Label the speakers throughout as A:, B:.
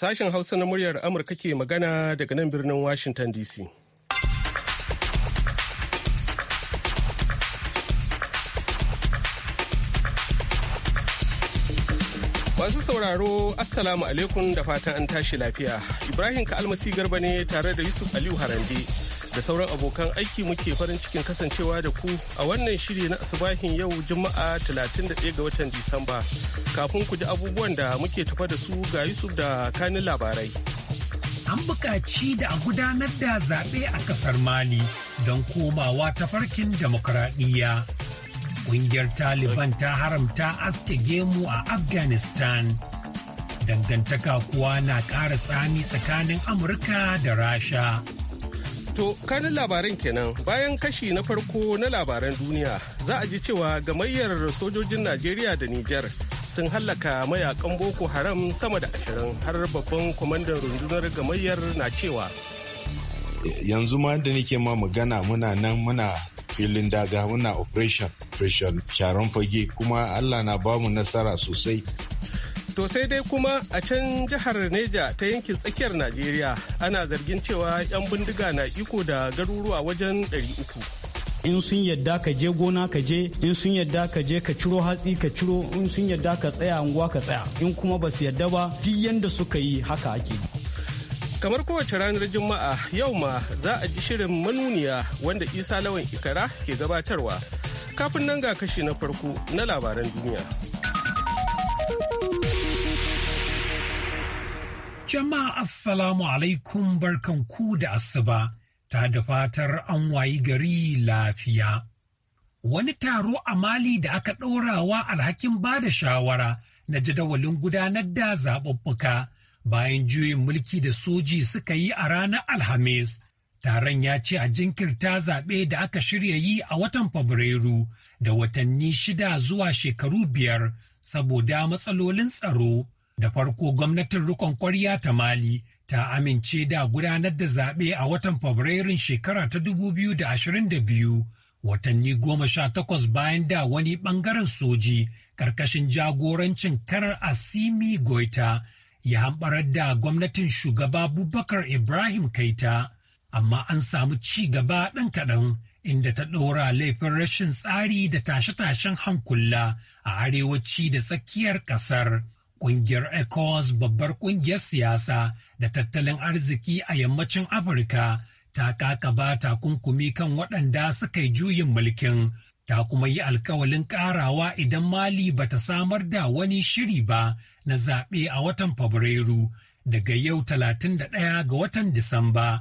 A: Sashen Hausa na muryar Amurka ke magana daga nan birnin Washington DC. Masu sauraro, Assalamu alaikum da fatan an tashi lafiya. Ibrahim Ka'almasi Garba ne tare da Yusuf Aliyu Harande. da sauran abokan aiki muke farin cikin kasancewa da ku a wannan shiri na asibahin yau juma'a 31 ga watan disamba kafin ku ji abubuwan da muke tafa da su ga yusuf da kanin labarai
B: an buƙaci da a gudanar da zaɓe a ƙasar mali don komawa ta farkin demokuraɗiyya ƙungiyar taliban ta haramta aske gemu a afghanistan dangantaka kuwa na ƙara tsami tsakanin amurka da rasha
A: To, kanin labaran kenan bayan kashi na farko na labaran duniya za a ji cewa gamayyar sojojin Najeriya da Niger sun hallaka mayakan Boko Haram sama da ashirin har babban kwamandan rundunar gamayyar na cewa.
C: Yanzu ma da nake ma magana muna nan muna filin daga muna operation operation sharon fage kuma Allah na bamu nasara sosai Sosai dai kuma a can jihar Neja ta yankin tsakiyar
A: Najeriya ana zargin cewa 'yan bindiga na iko da garuruwa wajen 300. in sun yadda ka je gona ka je in sun yadda ka je ka ciro hatsi ka ciro in sun yadda ka tsaya unguwa ka tsaya in kuma ba su yadda ba duk yadda suka yi haka ake kamar kowace ranar juma'a yau ma za a ji shirin manuniya wanda isa lawan ikara ke gabatarwa kafin nan ga kashi na farko na labaran duniya
B: Jama'a Assalamu alaikum barkan ku da asuba ta da fatar an wayi gari lafiya. Wani taro a Mali da aka ɗorawa alhakin ba da shawara na jadawalin gudanar da zaɓuɓɓuka bayan juyin mulki da soji suka yi a ranar Alhamis. Taron ya ce a jinkirta zaɓe da aka shirya yi a watan Fabrairu da watanni shida zuwa shekaru biyar saboda matsalolin tsaro. Da farko gwamnatin rikon kwarya ta Mali ta amince da gudanar da zaɓe a watan Fabrairun shekara ta 2022 watanni goma sha takwas bayan da wani ɓangaren soji ƙarƙashin jagorancin karar Asimi Goita ya hamɓarar da gwamnatin shugaba Bubakar Ibrahim Kaita, amma an samu ci gaba ɗan kaɗan inda ta ɗora laifin rashin tsari da tashe-tashen hankula a arewaci da tsakiyar ƙasar. Ƙungiyar ECOWAS babbar ƙungiyar siyasa da tattalin arziki a yammacin Afirka ta kakaba takunkumi kan waɗanda suka yi juyin mulkin ta kuma yi alkawalin ƙarawa idan Mali ba ta samar da wani shiri ba na zaɓe a watan Fabrairu daga yau 31 ga watan Disamba.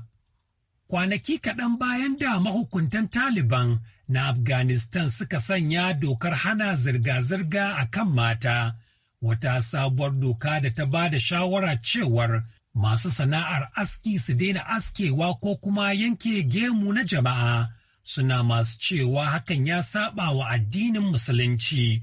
B: Kwanaki kaɗan bayan da mahukuntan Taliban na Afghanistan suka sanya dokar hana zirga-zirga a kan mata. wata sabuwar doka da ta ba da shawara cewar masu sana'ar aski su daina askewa ko kuma yanke gemu na jama'a suna masu cewa hakan ya saba wa addinin musulunci.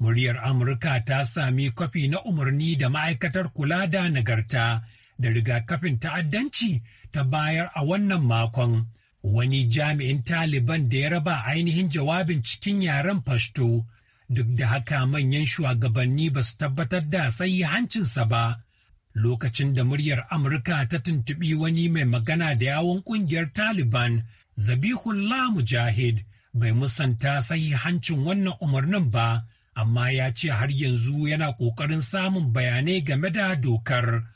B: Muryar Amurka ta sami kwafi na umarni da ma'aikatar kula da nagarta da rigakafin ta'addanci ta bayar a wannan makon. Wani jami'in Taliban da ya raba ainihin jawabin cikin yaren Pashto duk da haka manyan shugabanni ba su tabbatar da hancinsa ba lokacin da muryar amurka ta tuntubi wani mai magana da yawon ƙungiyar taliban zabihullah mujahid bai musanta sai hancin wannan umarnin ba amma ya ce har yanzu yana ƙoƙarin samun bayanai game da dokar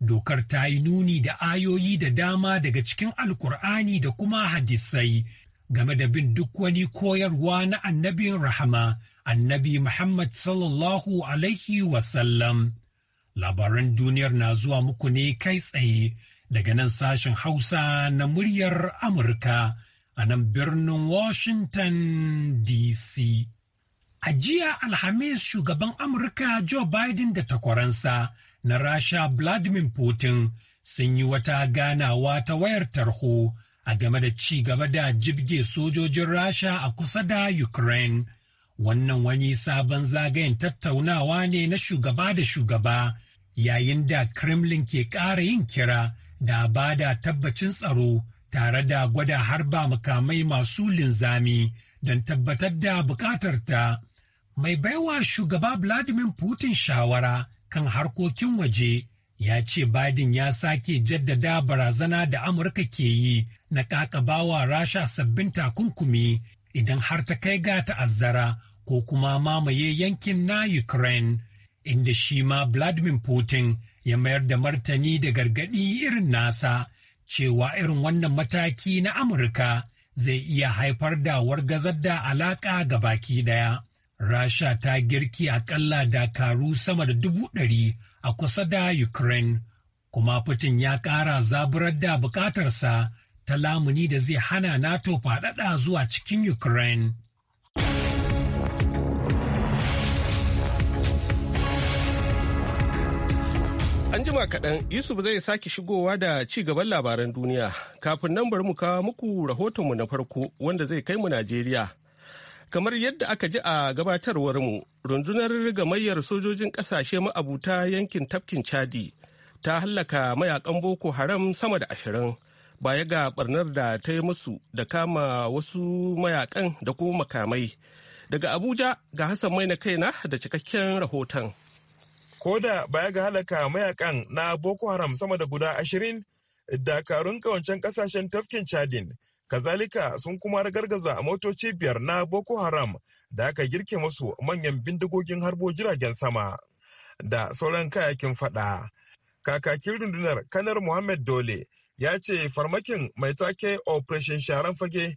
B: dokar ta yi nuni da ayoyi da dama daga cikin alkur'ani da kuma hadisai game da bin duk wani koyarwa na annabin rahama annabi Muhammad sallallahu Alaihi wasallam. Labaran duniyar na zuwa muku ne kai tsaye daga nan sashen Hausa na muryar Amurka a nan birnin Washington DC. A jiya Alhamis shugaban Amurka Joe Biden da takwaransa na Rasha Vladimir Putin sun yi wata ganawa ta wayar tarho a game da ci gaba da jibge sojojin Rasha a kusa da Ukraine. Wannan wani sabon zagayen tattaunawa ne na shugaba da shugaba yayin da Kremlin ke ƙara yin kira da ba da tabbacin tsaro tare da gwada harba mukamai masu linzami don tabbatar da ta. Mai baiwa shugaba Vladimir Putin shawara kan harkokin waje ya ce Biden ya sake jaddada barazana da Amurka ke yi na kakabawa rasha sabbin takunkumi idan har ta kai ga ta'azzara ko kuma mamaye yankin na Ukraine, inda shi ma Vladimir Putin ya mayar da martani da gargaɗi irin nasa cewa irin wannan mataki na Amurka zai iya haifar da wargazar da alaƙa ga baki ɗaya. Rasha ta girki akalla dakaru sama da dubu ɗari a kusa da Ukraine, kuma Putin ya ƙara zaburar da buƙatarsa ta lamuni da zai hana NATO faɗaɗa zuwa cikin Ukraine.
A: An jima kaɗan Yusuf zai sake shigowa da ci gaban labaran duniya kafin nan bari mu kawo muku rahotonmu na farko wanda zai kai mu Najeriya. Kamar yadda aka ji a gabatarwar mu. rundunar gamayyar sojojin ƙasashe ma'abuta yankin tafkin Chadi ta hallaka mayakan Boko Haram sama da ashirin baya ga barnar da ta yi musu da kama wasu mayakan da kuma makamai. Daga Abuja ga Hassan mai na kaina da cikakken
D: rahoton. ko da baya ga halaka mayakan na boko haram sama da guda ashirin dakarun kawancen kasashen tafkin chadin kazalika sun kuma ragargaza motoci biyar na boko haram da aka girke musu manyan bindigogin harbo jiragen sama da sauran kayakin fada kakakin rundunar kanar muhammad dole ya ce farmakin mai take operation sharan fage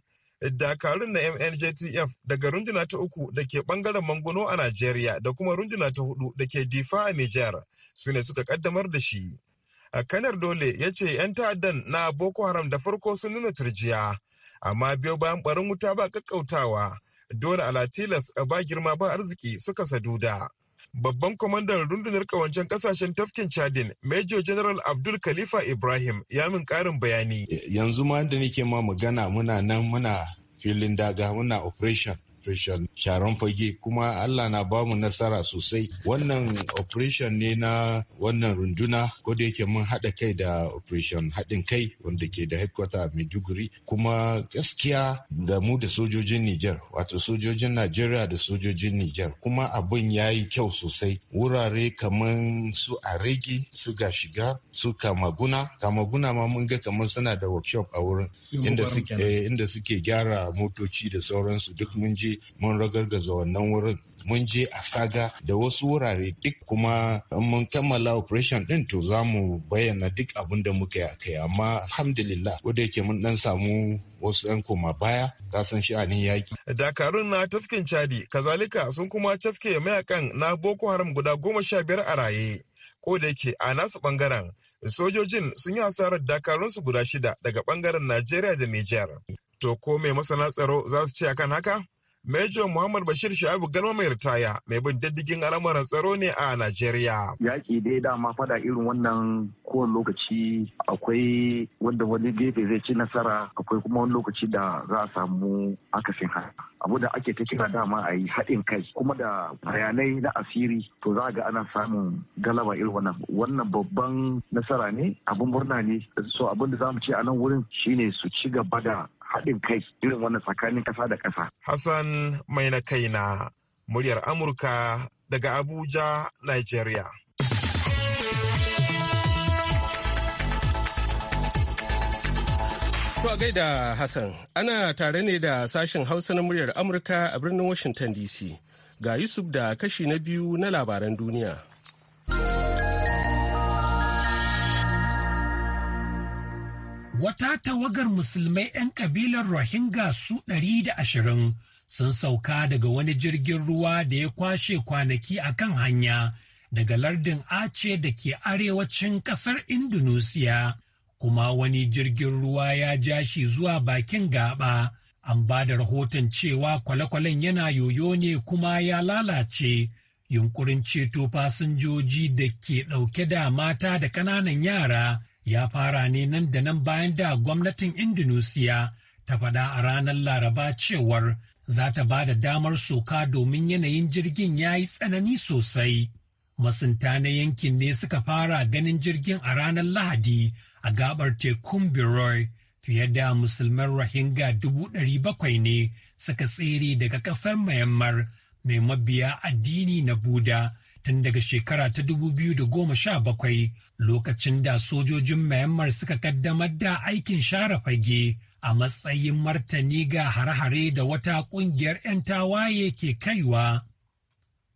D: dakarun na mnjtf daga runduna ta uku da ke bangaren mangono a najeriya da kuma runduna ta hudu da ke difa a nijar su ne suka kaddamar da shi a kanar dole ya ce 'yan ta'addan na boko haram da farko sun nuna turjiya amma biyo bayan barin wuta ba kakkautawa dole ala tilas ba girma ba arziki suka saduda Babban kwamandan rundunar kawancen kasashen tafkin Chadin, Major General Abdul Khalifa Ibrahim ya min karin bayani.
C: Yanzu ma da nake ma magana muna nan muna filin daga muna operation operation sharon fage kuma allah na bamu nasara sosai wannan operation ne na wannan runduna ko da yake mun haɗa kai da operation haɗin kai wanda ke da headquarter a maiduguri kuma gaskiya da mu da sojojin niger wato sojojin nigeria da sojojin niger kuma abin ya yi kyau sosai wurare kamar su aregi su shiga su kamaguna kamaguna ma mun ga kamar suna da workshop a wurin eh, inda suke gyara motoci da sauransu duk mun je mun ragargaza wannan wurin mun je a saga da wasu wurare duk kuma mun kammala operation din to za mu bayyana duk abin da muka yi a kai amma alhamdulillah ko da yake mun dan samu wasu 'yan koma baya ta san sha'anin yaki.
D: Dakarun na tafkin Chadi kazalika sun kuma caske mayakan na Boko Haram guda goma sha biyar a raye ko da yake a nasu bangaren sojojin sun yi hasarar dakarunsu guda shida daga bangaren Najeriya da Nijar. To ko mai masana tsaro za su ce akan haka? Major Muhammad Bashir shabu Galma mai ritaya mai bin diddigin al'amuran tsaro ne a Najeriya. Yaƙi dai dama fada irin wannan kowane lokaci
E: akwai wanda wani gefe zai ci nasara akwai kuma wani lokaci da za a samu
C: akasin haka. abu da ake ta kira dama a yi haɗin kai kuma da bayanai na asiri to za ga ana samun galaba irin wannan wannan babban nasara ne abin murna ne so abin da za mu ce a nan wurin shine su ci gaba da haɗin kai irin wannan tsakanin ƙasa da ƙasa.
D: Hassan mai na kai na muryar Amurka daga Abuja, Nigeria.
A: To gaida Hassan, ana tare ne da sashen Hausa na muryar Amurka a birnin Washington DC. Ga Yusuf da kashi na biyu na labaran duniya.
B: wata tawagar musulmai 'yan kabilar Rohingya su 120 sun sauka daga wani jirgin ruwa da ya kwashe kwanaki a kan hanya daga lardin Ace da ke arewacin ƙasar Indonesia, kuma wani jirgin ruwa ya ja shi zuwa bakin gaba. An ba da rahoton cewa kwale-kwalen yana yoyo ne kuma ya lalace. Yunkurin ceto fasinjoji da ke ɗauke da mata da ƙananan yara ya fara ne nan da nan bayan da gwamnatin Indonesia ta faɗa a ranar Laraba cewar za ta ba da damar soka domin yanayin jirgin ya yi tsanani sosai. Masunta na yankin ne suka fara ganin jirgin a ranar Lahadi a gabar tekun Biroy fiye da musulman Rohingya dubu ɗari bakwai ne suka tsere daga ƙasar Myanmar mai mabiya addini na Buda tun daga shekara ta 2017 lokacin da sojojin Myanmar suka kaddamar da aikin share fage a matsayin martani ga hare-hare da wata ƙungiyar 'yan tawaye ke kaiwa.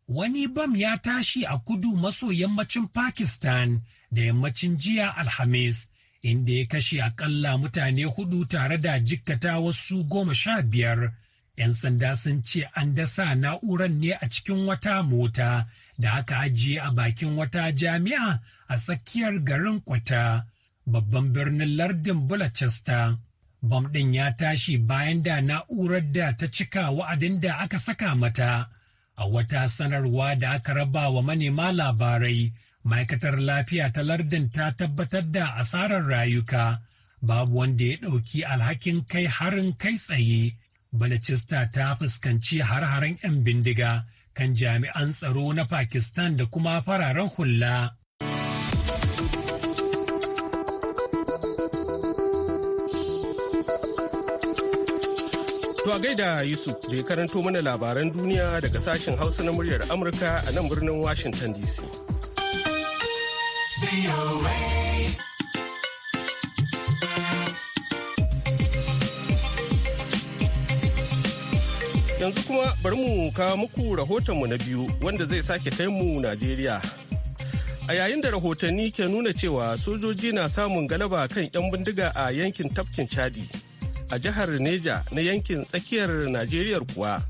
B: Wani bam ya tashi a kudu maso yammacin Pakistan da yammacin jiya Alhamis, inda ya kashe akalla mutane hudu tare da jikkata wasu goma sha biyar. 'yan sanda sun ce an dasa na'urar ne a cikin wata mota da aka ajiye a bakin wata jami'a a tsakiyar garin kwata babban birnin lardin Bulacesta. bom ɗin ya tashi bayan da na'urar da ta cika wa'adin da aka saka mata. A wata sanarwa da aka raba wa manema labarai, ma'aikatar lafiya ta lardin ta tabbatar da asarar rayuka. Babu wanda ya ɗauki alhakin kai harin kai tsaye Balacista ta fuskanci har-haren 'yan bindiga kan jami'an tsaro na Pakistan da kuma fararen hula.
F: To a
A: gaida Yusuf da ya karanto mana labaran duniya daga sashen Hausa na muryar Amurka a nan birnin Washington DC. yanzu kuma bari mu kawo muku rahotonmu na biyu wanda zai sake kai mu Najeriya. A yayin da rahotanni ke nuna cewa sojoji na samun galaba kan 'yan bindiga a yankin tafkin Chadi, a jihar Neja na yankin tsakiyar Najeriya kuwa,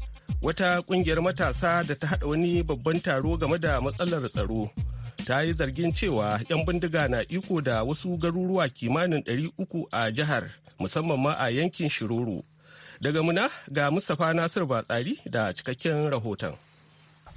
A: wata kungiyar matasa da ta haɗa wani babban taro game da matsalar tsaro. Ta yi zargin cewa 'yan bindiga na iko da wasu garuruwa kimanin 300 a jihar, musamman ma a yankin Shiroro. Daga muna ga
E: Mustapha Nasiru Batsari da cikakken rahoton.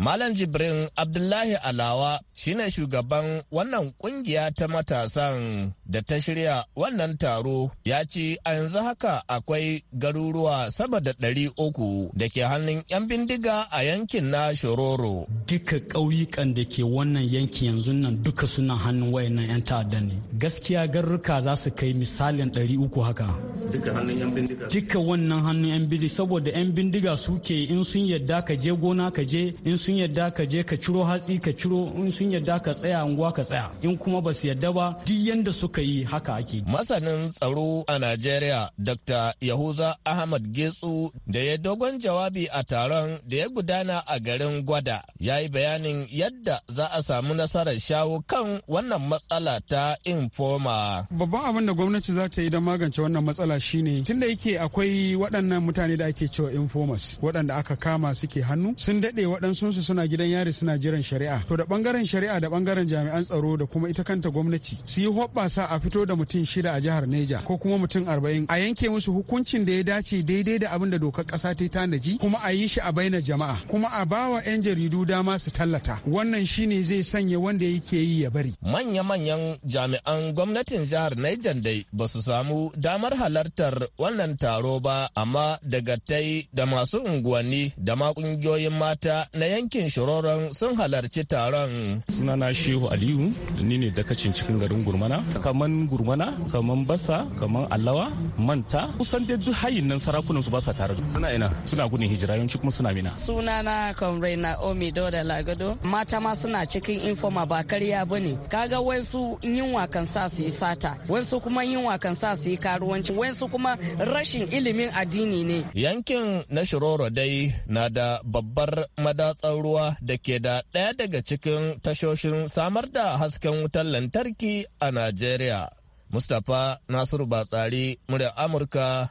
E: Malam Jibrin Abdullahi Alawa shine shugaban wannan kungiya ta matasan da ta shirya wannan taro ya ce a yanzu haka akwai garuruwa sama da ɗari uku da ke hannun 'yan bindiga a yankin na Shororo. Duka ƙauyukan
A: da ke wannan yankin yanzu nan duka suna hannun wayannan 'yan ta'adda ne. Gaskiya garruka za su kai misalin ɗari uku haka. Duka hannun 'yan bindiga. Duka wannan hannun 'yan bindiga saboda 'yan bindiga suke in sun yadda ka je gona ka je in sun sun yadda ka je ka ciro hatsi ka ciro in sun yadda ka tsaya unguwa ka tsaya in kuma ba su yadda ba duk yanda suka yi haka ake
E: masanin tsaro a Najeriya Dr. Yahuza Ahmad Getsu da ya dogon jawabi a taron da ya gudana a garin Gwada ya yi bayanin yadda za a samu nasarar shawo kan wannan matsala ta informa.
G: babban abin da gwamnati za ta yi don magance wannan matsala shine tunda yake akwai waɗannan mutane da ake cewa informers waɗanda aka kama suke hannu sun daɗe waɗansu su suna gidan yari suna jiran shari'a to da bangaren shari'a da bangaren jami'an tsaro da kuma ita kanta gwamnati su yi hoɓɓasa a fito da mutum shida a jihar neja ko kuma mutum arba'in a yanke musu hukuncin da ya dace daidai da abin da dokar ƙasa ta tanaji kuma a yi shi a baina jama'a kuma a bawa 'yan jaridu dama su tallata wannan shine zai sanya wanda yake yi ya bari manya-manyan
E: jami'an
G: gwamnatin jihar neja
E: dai ba su samu damar halartar wannan taro ba amma daga tai da masu unguwanni da ma kungiyoyin mata na yankin Shiroron sun halarci taron.
C: Sunana Shehu Aliyu, ni ne dakacin cikin garin Gurmana,
E: kaman Gurmana,
A: kaman Basa, kaman alawa Manta, kusan dai duk hayin nan sarakunan su ba sa tare suna ina suna gudun hijira yawanci kuma suna mina.
F: Sunana Comrade Naomi da Lagado, mata ma suna cikin informa ba karya bane. Kaga wasu yunwa kan sa su yi sata, wasu kuma yunwa kan sa su yi karuwanci, wasu kuma rashin ilimin addini ne. Yankin
E: na Shiroro dai na da babbar madatsar magudanan ruwa da ke da ɗaya daga cikin tashoshin samar da hasken wutar lantarki a Najeriya. Mustapha Nasiru Batsari, murya Amurka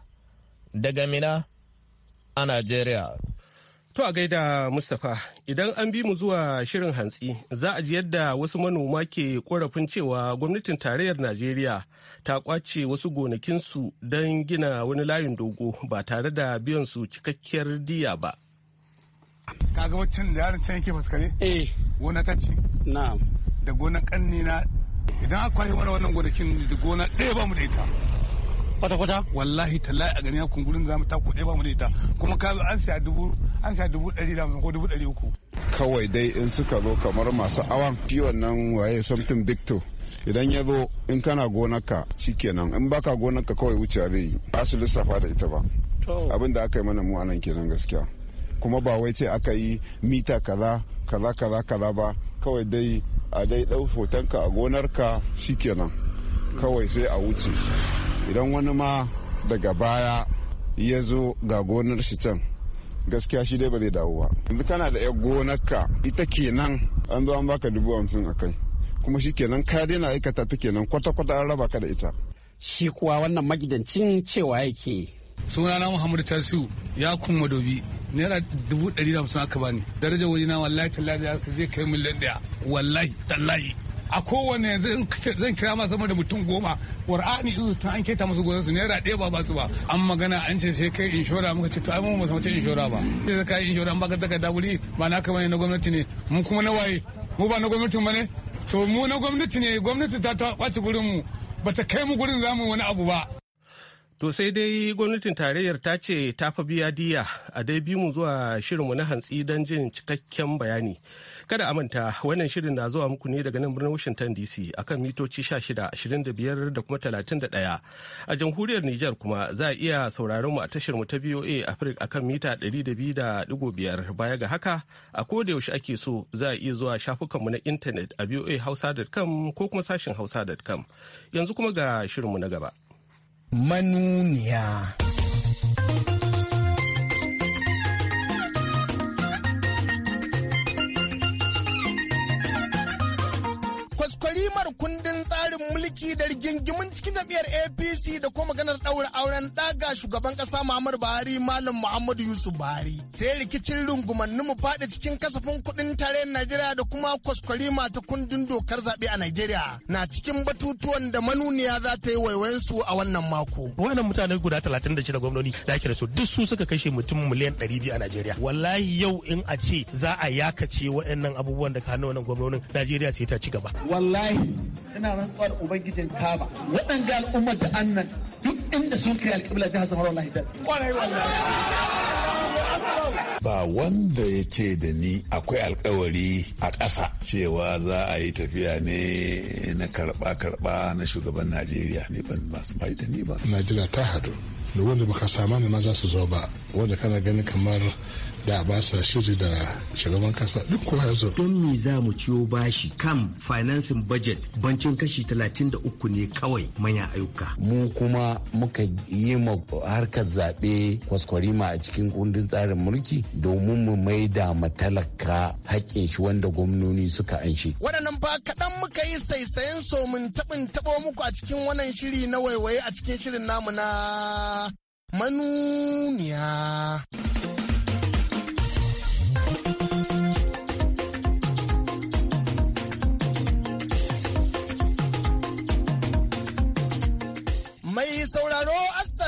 E: daga Mina a Najeriya. To a gaida Mustapha, idan an bi mu zuwa shirin hantsi,
A: za a ji yadda wasu manoma ke korafin cewa gwamnatin tarayyar Najeriya ta kwace wasu gonakinsu don gina wani layin dogo ba tare da biyan su cikakkiyar
G: diya ba. kaga waccan da yaron can yake fuskare eh gona ta ce na'am da gona kanni na idan aka kwashe mana wannan gonakin da gona ɗaya
A: ba mu da ita kwata-kwata wallahi tallahi a ganin kun gurin zamu ta ku ɗaya ba mu da ita kuma ka zo an siya dubu an siya dubu ɗari da ko dubu ɗari uku
D: kawai dai in suka zo kamar masu awan fi wannan waye something to idan ya zo in kana gonarka shikenan in baka gonarka kawai wuce zai yi ba su lissafa da ita ba abin da aka yi mana mu anan kenan gaskiya kuma ba wai ce aka yi mita kaza kaza kaza kaza ba kawai dai a dai dau hotonka a gonarka shikenan kawai sai a wuce idan wani ma daga baya ya zo ga gonar shi can gaskiya shi dai ba zai dawo ba yanzu kana da yar gonarka ita kenan an zo an baka dubu hamsin a kai kuma shi kenan ka daina aikata ta kenan kwata-kwata an raba ka da ita
F: shi kuwa wannan magidancin cewa yake
A: sunana muhammadu tasiu ya kun
C: madobi naira dubu ɗari da hamsin aka bani daraja wani na wallahi tallahi zai kai miliyan ɗaya wallahi tallahi a kowane zan kira masu sama da mutum goma qur'ani
G: izu ta an keta musu gonar
A: su naira ɗaya ba basu su ba an magana an ce sai kai inshora muka ce to ai mun ba samu inshora ba
G: sai ka yi inshora ba ka daga wuri ba na kamar na gwamnati ne mun kuma na waye mu ba na gwamnati ba ne to mu na gwamnati ne gwamnati ta ta ɓaci gurin mu bata kai mu gurin
A: zamu wani abu ba To sai dai gwamnatin tarayyar ta ce ta fa biya diya a dai bi mu zuwa shirinmu na hantsi don jin cikakken bayani. Kada a manta wannan shirin na zuwa muku ne daga nan birnin Washington DC akan mitoci 16, 25 da kuma talatin da ɗaya A jamhuriyar Nijar kuma za a iya sauraron mu a tashar mu ta BOA Africa akan mita ɗari da da 200.5 baya ga haka a koda yaushe ake so za a iya zuwa shafukanmu na intanet a boahausa.com ko kuma sashin hausa.com. Yanzu kuma ga shirin mu
C: na gaba.
H: manuniya. kwaskwarimar kundin kundin tsarin mulki da rigingimin cikin jam'iyyar apc da kuma maganar daura auren daga shugaban ƙasa muhammadu buhari malam muhammadu yusuf buhari sai rikicin rungumanni mu faɗi cikin kasafin kuɗin tarayyar najeriya da kuma kwaskwarima ta kundin dokar zaɓe a najeriya na cikin batutuwan da manuniya za ta yi waiwayen su a wannan mako. wannan mutane guda talatin da shida gwamnoni da ake da su duk su suka kashe mutum
E: miliyan ɗari biyu a najeriya wallahi yau in a ce za a yakace waɗannan abubuwan da ka hannu wannan gwamnonin najeriya sai ta ci gaba.
H: wallahi ina ina rantsuwa da ubangijin kaba waɗanda al'ummar da annan duk inda sun kai alƙibla jihar zamar wallahi da
F: ba wanda ya ce da ni akwai alkawari a ƙasa cewa za a yi tafiya ne na karɓa-karɓa na shugaban najeriya ne ban
C: masu bai da ni ba najeriya ta hadu da wanda baka samani ma za su zo ba wanda kana ganin kamar da ba sa shiri da shugaban kasa duk kowa ya zo. Don me za mu ciyo
H: bashi Kam financing budget bancin kashi 33 ne kawai manyan ayyuka.
F: Mu kuma muka yi ma harkar zaɓe kwaskwarima a cikin kundin tsarin mulki domin mu da matalaka haƙƙin shi wanda gwamnoni suka anshi.
H: Waɗannan fa kaɗan muka yi saisayen mun taɓin taɓo muku a cikin wannan shiri na waiwaye a cikin shirin namu na manuniya.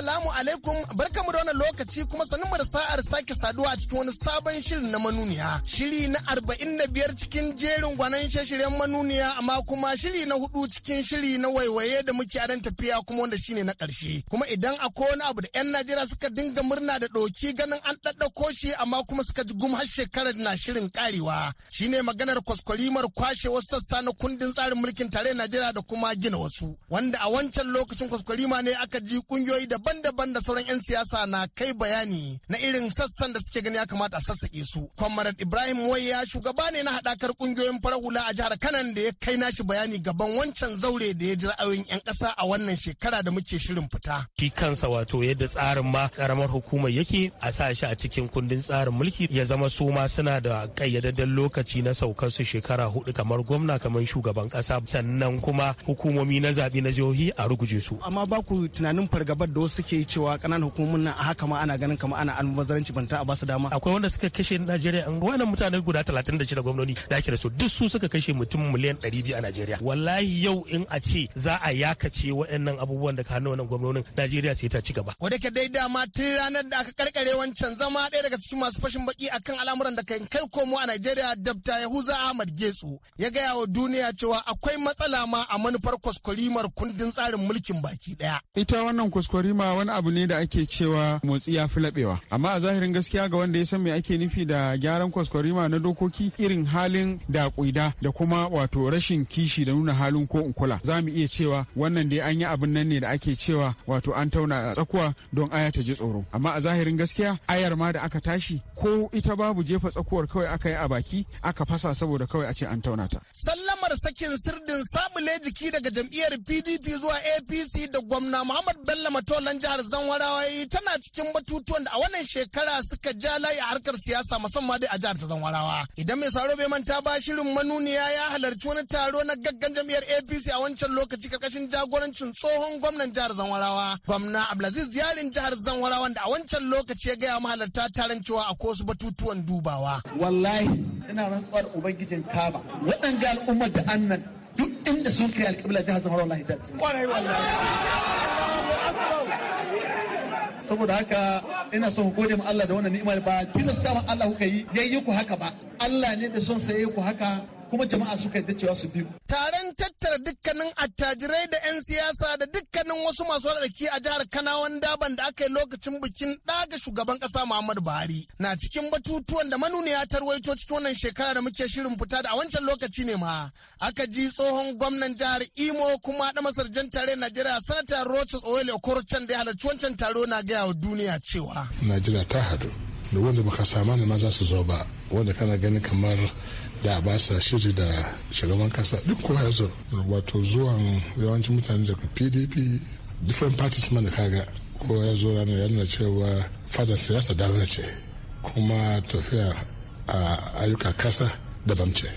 H: Assalamu alaikum barkamu da wannan lokaci kuma sanin mu sa'ar sake saduwa a cikin wani sabon shirin na manuniya. Shiri na arba'in da biyar cikin jerin gwanan shirin manuniya amma kuma shiri na hudu cikin shiri na waiwaye da muke a tafiya kuma wanda shine na ƙarshe. Kuma idan akwai wani abu da 'yan Najeriya suka dinga murna da ɗoki ganin an ɗaɗɗauko shi amma kuma suka ji gum har shekarar na shirin karewa. Shine maganar kwaskwalimar kwashe wasu sassa na kundin tsarin mulkin tare Najeriya da kuma gina wasu. Wanda a wancan lokacin kwaskwarima ne aka ji ƙungiyoyi daban daban-daban da sauran 'yan siyasa na kai bayani na irin sassan da suke gani ya kamata a sassaƙe su. Kwamarat Ibrahim Waya shugaba ne na haɗakar ƙungiyoyin farar hula a jihar Kanan da ya kai nashi bayani gaban wancan zaure da ya ji ra'ayoyin 'yan ƙasa a wannan shekara da muke shirin fita.
E: Shi kansa wato yadda tsarin ma ƙaramar hukumar yake a sa shi a cikin kundin tsarin mulki ya zama su ma suna da ƙayyadadden lokaci na saukar su shekara hudu kamar gwamna kamar shugaban ƙasa sannan kuma hukumomi na zaɓe na jihohi a ruguje su.
H: Amma ba ku tunanin fargabar da wasu suke cewa kananan hukumomin nan a haka ma ana ganin kamar ana almubazaranci banta
E: a basu dama akwai wanda suka kashe Najeriya wannan mutane guda 36 gwamnoni da ake da su duk su suka kashe mutum miliyan 200 a Najeriya wallahi yau in a ce za a yakace waɗannan abubuwan da ka hannu wannan gwamnonin Najeriya sai ta ci gaba
H: wadda ke dai dama tun ranar da aka karkare wancan zama daya daga cikin masu fashin baki akan al'amuran da kan kai komo a Najeriya dabta Yahuza Ahmad Getsu ya gaya wa duniya cewa akwai matsala ma a manufar kwaskwarimar kundin tsarin mulkin baki
G: ɗaya ita wannan kwaskwarima wani abu ne da ake cewa motsi ya fi laɓewa amma a zahirin gaskiya ga wanda ya san me ake nufi da gyaran kwaskwarima na dokoki irin halin da kuida da kuma wato rashin kishi da nuna halin ko in kula za mu iya cewa wannan dai an yi abin nan ne da ake cewa wato an tauna tsakuwa don aya ta ji tsoro amma a zahirin gaskiya ayar ma da aka tashi ko ita babu jefa tsakuwar kawai aka yi a baki aka fasa saboda kawai a ce an tauna ta
H: sallamar sakin sirdin sabule jiki daga jam'iyyar pdp zuwa apc da gwamna muhammad bello matolan jihar Zanwarawa eh, tana cikin batutuwan da a wannan shekara suka ja layi a harkar siyasa musamman dai a jihar Zanwarawa. Idan mai saro bai manta ba shirin manuniya ya halarci wani taro na gaggan jam'iyyar APC a wancan lokaci karkashin jagorancin tsohon gwamnan jihar Zanwarawa. Gwamna Abdulaziz ziyarin jihar Zanwarawa da a wancan lokaci ya gaya mahalarta taron cewa a kosu batutuwan dubawa. Wallahi ina rantsuwar ubangijin kaba waɗanga al'ummar da annan duk inda sun kai alƙibla jihar zanwarawa wallahi da. saboda haka ina son ku gode ma Allah da wannan ni'imar ba tilasta ma Allah kuka yi yayi ku haka ba Allah ne da son sai ku haka kuma jama'a suka yi cewa su biyu. Taron tattara dukkanin attajirai da 'yan siyasa da dukkanin wasu masu rarraki a jihar Kanawan Daban da aka yi lokacin bikin ɗaga shugaban ƙasa Muhammadu Buhari na cikin batutuwan da manuniya ta ruwaito cikin wannan shekara da muke shirin fita da a wancan lokaci ne ma. Aka ji tsohon gwamnan jihar Imo kuma da masarjan tare Najeriya sanata Rochus Oyele Okorochan da ya halarci wancan taro na gaya wa duniya cewa.
C: Najeriya ta hadu da wanda baka ne ma za su zo ba wanda kana ganin kamar da ba sa shiri da shugaban kasa duk kuma ya zo wato zuwan yawancin mutane daga pdp different parties mana kaga ko ya zo ranar yana cewa fadar siyasa da ce
F: kuma tafiya
C: a ayyuka
F: kasa daban ce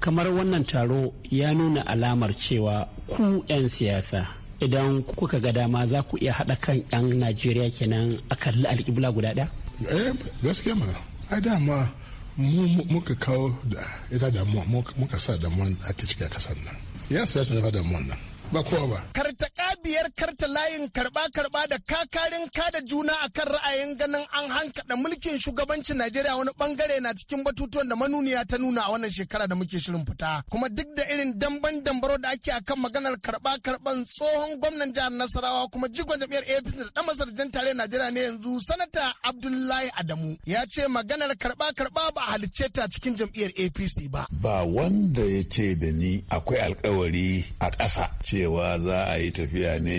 F: kamar wannan taro ya nuna alamar cewa ku 'yan siyasa idan kuka ga dama za ku iya haɗa kan 'yan najeriya kenan a kalli alƙibla guda ɗaya? eh gaskiya ma
C: ai dama mu muka kawo da ita damuwa muka sa damuwa da ake ciki a kasar nan yan sa ne fa damuwa nan
H: ba kowa ba. Karta kabiyar karta layin karɓa karba da kakarin kada juna a kan ra'ayin ganin an hankaɗa mulkin shugabancin Najeriya wani bangare na cikin batutuwan da manuniya ta nuna a wannan shekara da muke shirin fita. Kuma duk da irin damban dambaro da ake akan maganar karba karban tsohon gwamnan jihar Nasarawa kuma jigon jam'iyyar APC da dan masarjan tare Najeriya ne yanzu sanata Abdullahi Adamu ya ce maganar karba karba ba a halicce ta cikin jam'iyyar APC ba.
F: Ba wanda ya ce da ni akwai alkawari a ƙasa ce cewa za a yi tafiya ne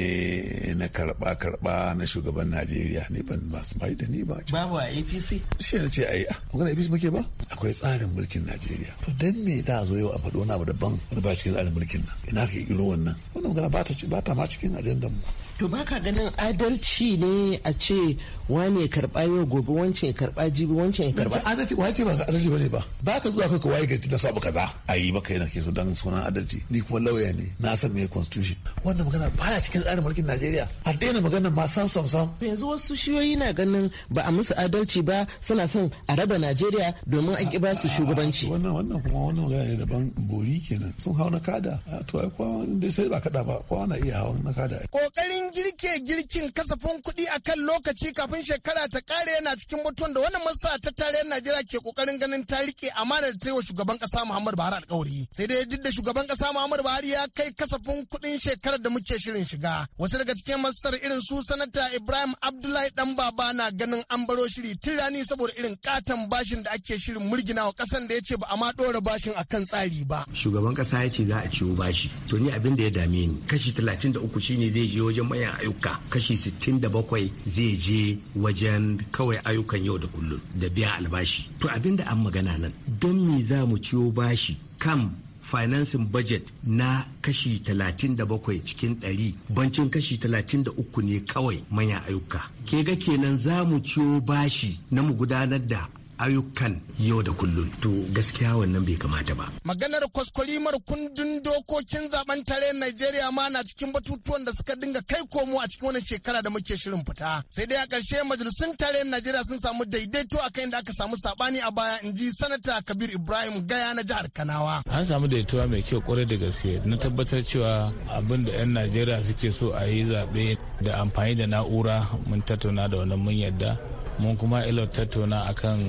F: na karba karba na shugaban najeriya ne ban ba su da ni ba babu a apc shi ne ce a kuma ah, apc muke ba akwai tsarin mulkin najeriya to dan me da zo yau a faɗo na abu daban Wani ba cikin tsarin mulkin nan ina ka iro wannan wannan magana ba ta ma cikin ajandan mu
H: to baka ganin adalci ne a ce wane ya karba yau gobe wancan ya karba
F: jibi wancan ya karba adalci ce ba adalci bane ba ba ka zuwa kai waye gaji na sabu za. a yi baka yana ke so dan sunan adalci ni kuma lauya ne na san me constitution wannan magana baya cikin tsarin mulkin Najeriya
H: a daina magana ma san sam sam yanzu wasu shiyoyi na ganin ba a musu adalci ba suna
F: son a raba Najeriya domin a ki ba su shugabanci wannan wannan kuma wannan magana ne daban bori kenan sun hauna kada to ai kuma dai sai ba ka kada ba ko ana iya hawan na kada kokarin
H: girke girkin kasafin kuɗi akan lokaci kafin shekara ta ƙare yana cikin mutum da wannan masa ta tare tarayyar Najeriya ke kokarin ganin ta rike amana da yiwa shugaban ƙasa Muhammadu Buhari alkawari sai dai duk da shugaban ƙasa Muhammadu Buhari ya kai kasafin kuɗin shekarar da muke shirin shiga wasu daga cikin masar irin su sanata Ibrahim Abdullahi dan baba na ganin an baro shiri tun rani saboda irin katon bashin da ake shirin murgina wa ƙasan da ya ce ba a ma ɗora bashin a kan tsari ba
F: shugaban ƙasa ya ce za a ciwo bashi to ni abin da ya dame yin kashi 33 shine zai je wajen manyan
H: ayyuka kashi 67 zai je wajen kawai ayyukan yau da kullum da biya albashi to abinda an magana nan don me za mu ciyo bashi kam financing budget na kashi 37 cikin 100 bancin kashi 33 ne kawai manyan ayyuka ke ga kenan za mu ciyo bashi na mu gudanar da ayyukan yau da kullum to gaskiya wannan bai kamata ba maganar kwaskwalimar kundin dokokin zaben tare Najeriya ma na cikin batutuwan da suka dinga kai komo a cikin wani shekara da muke shirin fita sai dai a ƙarshe majalisun tare Najeriya sun samu daidaito kan da aka samu sabani a baya in ji sanata Kabir Ibrahim Gaya na jihar Kanawa an
C: samu daidaituwa mai kyau kwarai da gaske na tabbatar cewa abin da 'yan Najeriya suke so a yi zaɓe da amfani da na'ura mun tattauna da wannan mun yadda mun kuma ilo tattauna akan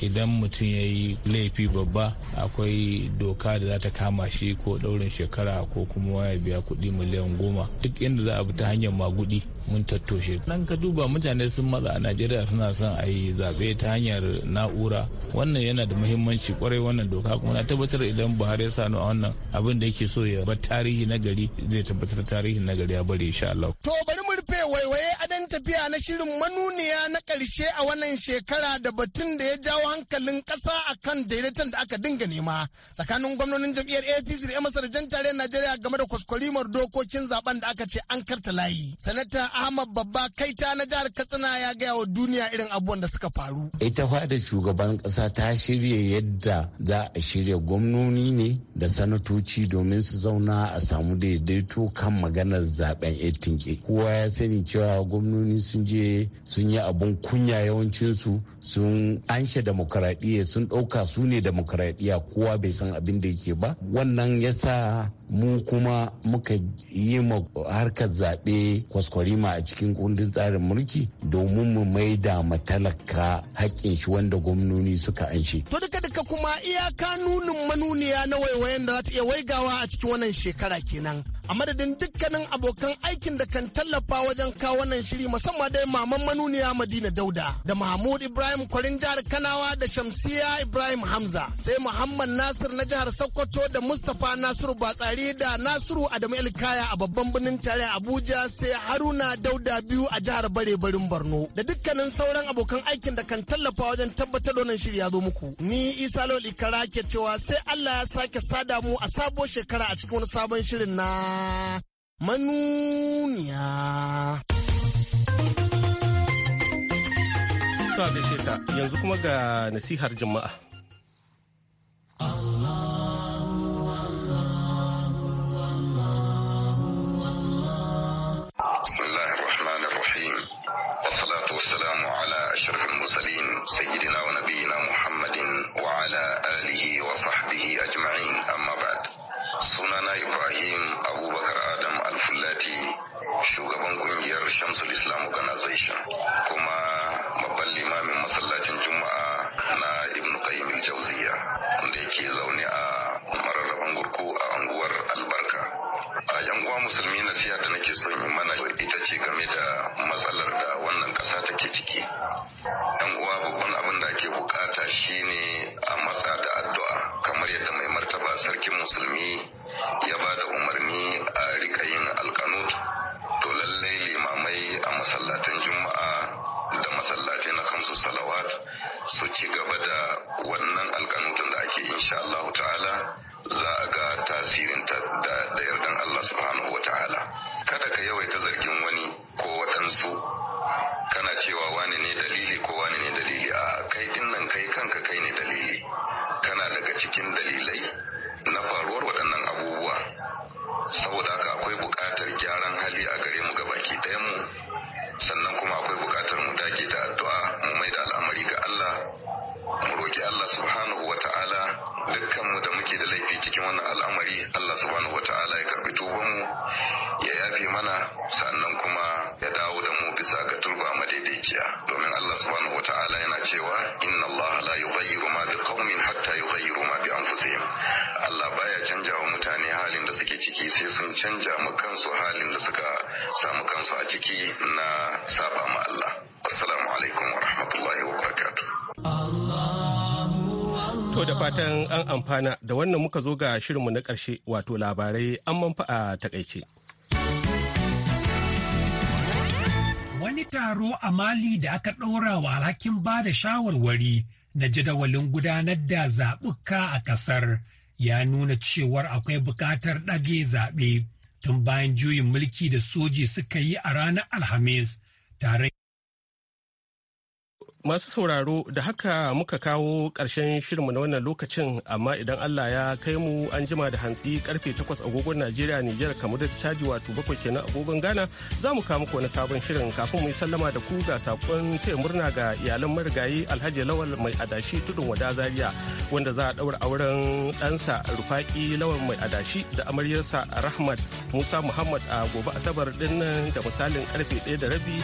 C: idan mutum ya yi laifi babba akwai doka da za ta kama shi ko daurin shekara ko kuma ya biya kuɗi miliyan goma duk inda za a bi ta hanyar magudi mun tattoshe nan ka duba mutane sun matsa a najeriya suna son a yi zaɓe ta hanyar na'ura wannan yana da muhimmanci kwarai wannan doka kuma na tabbatar idan buhari ya sanu a wannan abin da yake so ya bar tarihi na gari zai tabbatar tarihi na gari ya bari insha Allah.
H: to bari mu rufe waiwaye adan tafiya na shirin manuniya na karshe. dai a wannan shekara da batun da ya jawo hankalin kasa a kan daidaiton da aka dinga nema tsakanin gwamnonin jam'iyyar apc da 'yan jan tare najeriya game da kwaskwarimar dokokin zaben da aka ce an karta layi sanata ahmad babba kaita na jihar katsina ya gaya wa duniya irin abubuwan da suka faru
F: ita fada shugaban kasa ta shirya yadda za a shirya gwamnoni ne da sanatoci domin su zauna a samu daidaito kan maganar zaben 18 kowa ya sani cewa gwamnoni sun je sun yi abun kunya duniya yawancinsu sun anshe demokaradiyya sun ɗauka su ne demokaradiyya kowa bai san abin da yake ba wannan yasa mu kuma muka yi ma harkar zaɓe kwaskwarima a cikin kundin tsarin mulki domin mu da matalaka haƙƙin shi wanda gwamnoni suka anshe.
H: To duka duka kuma iyaka nunin manuniya na waiwayen da za ta iya waigawa a cikin wannan shekara kenan. A madadin dukkanin abokan aikin da kan tallafa wajen kawo wannan shiri musamman dai maman manuniya Madina Dauda da Mahmud Ibrahim Kwarin jihar Kanawa da Shamsiya Ibrahim Hamza sai Muhammad Nasir na jihar Sokoto da Mustapha Nasiru Batsari tare da Nasiru Adamu Elkaya a babban birnin tare Abuja sai Haruna Dauda biyu a jihar Bare barin Borno da dukkanin sauran abokan aikin da kan tallafa wajen tabbatar da wannan shirya zo muku. Ni Isa Lawal Ikara ke cewa sai Allah ya sake sada mu a sabuwar shekara a cikin wani sabon shirin na manuniya.
A: yanzu kuma ga nasihar jama'a. Allah
I: سيدنا ونبينا محمد وعلى آله وصحبه أجمعين أما بعد sunana ibrahim abubakar adam alfulati shugaban kungiyar shamsul islam organization kuma babban limamin masallaci musulmi nasiha da nake son yi mana ita ce game da matsalar da wannan ƙasa take ciki ɗan uwa babban abin da ake bukata shine a matsa da addu'a kamar yadda mai martaba sarkin musulmi ya ba da umarni a rika yin alkanut to lallai limamai a masallatan juma'a da masallatai na kansu salawat su ci gaba da wannan alkanutun da ake insha Allah ta'ala za a ga ta da da yardan Allah subhanahu wa ta'ala kada ka yawaita zargin wani ko waɗansu kana cewa wani ne dalili ko wani ne dalili a kai nan kai kanka kai ne dalili kana daga cikin dalilai na faruwar waɗannan abubuwa saboda haka akwai buƙatar gyaran hali a gare mu gabaki ɗayan mu sannan kuma akwai muke da laifi cikin wannan al'amari Allah subhanahu ta'ala ya karbi tuban mu ya yafe mana sannan kuma ya dawo da mu bisa ga turba madaidaiciya domin Allah subhanahu ta'ala yana cewa inna Allah la yughayyiru ma biqaumin hatta yughayyiru ma bi anfusihim Allah baya canja wa mutane halin da suke ciki sai sun canja makansu kansu halin da suka samu kansu a ciki na saba ma Allah assalamu alaikum wa rahmatullahi wa barakatuh Allah
A: To da fatan an amfana da wannan muka zo ga shirinmu na ƙarshe wato labarai an manfa a takaice.
B: Wani taro a Mali da aka ɗora wa alhakin ba da shawarwari na jadawalin gudanar da zaɓuka a ƙasar ya nuna cewar akwai buƙatar ɗage zaɓe tun bayan juyin mulki da soji suka yi a ranar Alhamis tare Masu sauraro da haka
A: muka kawo ƙarshen shirinmu na wannan lokacin amma idan Allah ya kai mu an jima da hantsi karfe 8 agogon Najeriya Nijar kamar da caji wato bakwai kenan agogon Ghana za mu kawo muku wani sabon shirin kafin mu yi sallama da ku ga sakon taya murna ga iyalan marigayi Alhaji Lawal mai adashi tudun wada Zaria wanda za a daura auren ɗansa Rufaki Lawal mai adashi da amaryarsa Rahmat Musa Muhammad a gobe Asabar dinnan da misalin karfe 1 da rabi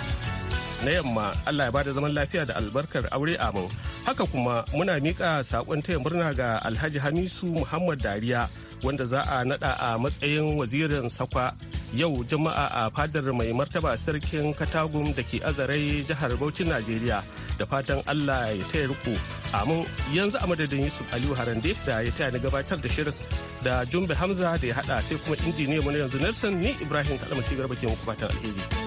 A: na yamma Allah ya bada zaman lafiya da albarkar aure a mu. Haka kuma muna miƙa saƙon taya murna ga Alhaji Hamisu Muhammad Dariya wanda za a naɗa a matsayin wazirin sakwa yau jama'a a fadar mai martaba sarkin katagum da ke azarai jihar Bauchi Najeriya da fatan Allah ya taya riko amin yanzu a madadin Yusuf Aliyu Harande da ya taya ni gabatar da shirin da Jumbe Hamza da ya haɗa sai kuma injiniya mu yanzu Nelson ni Ibrahim Kalmasi Garba ke muku fatan alheri.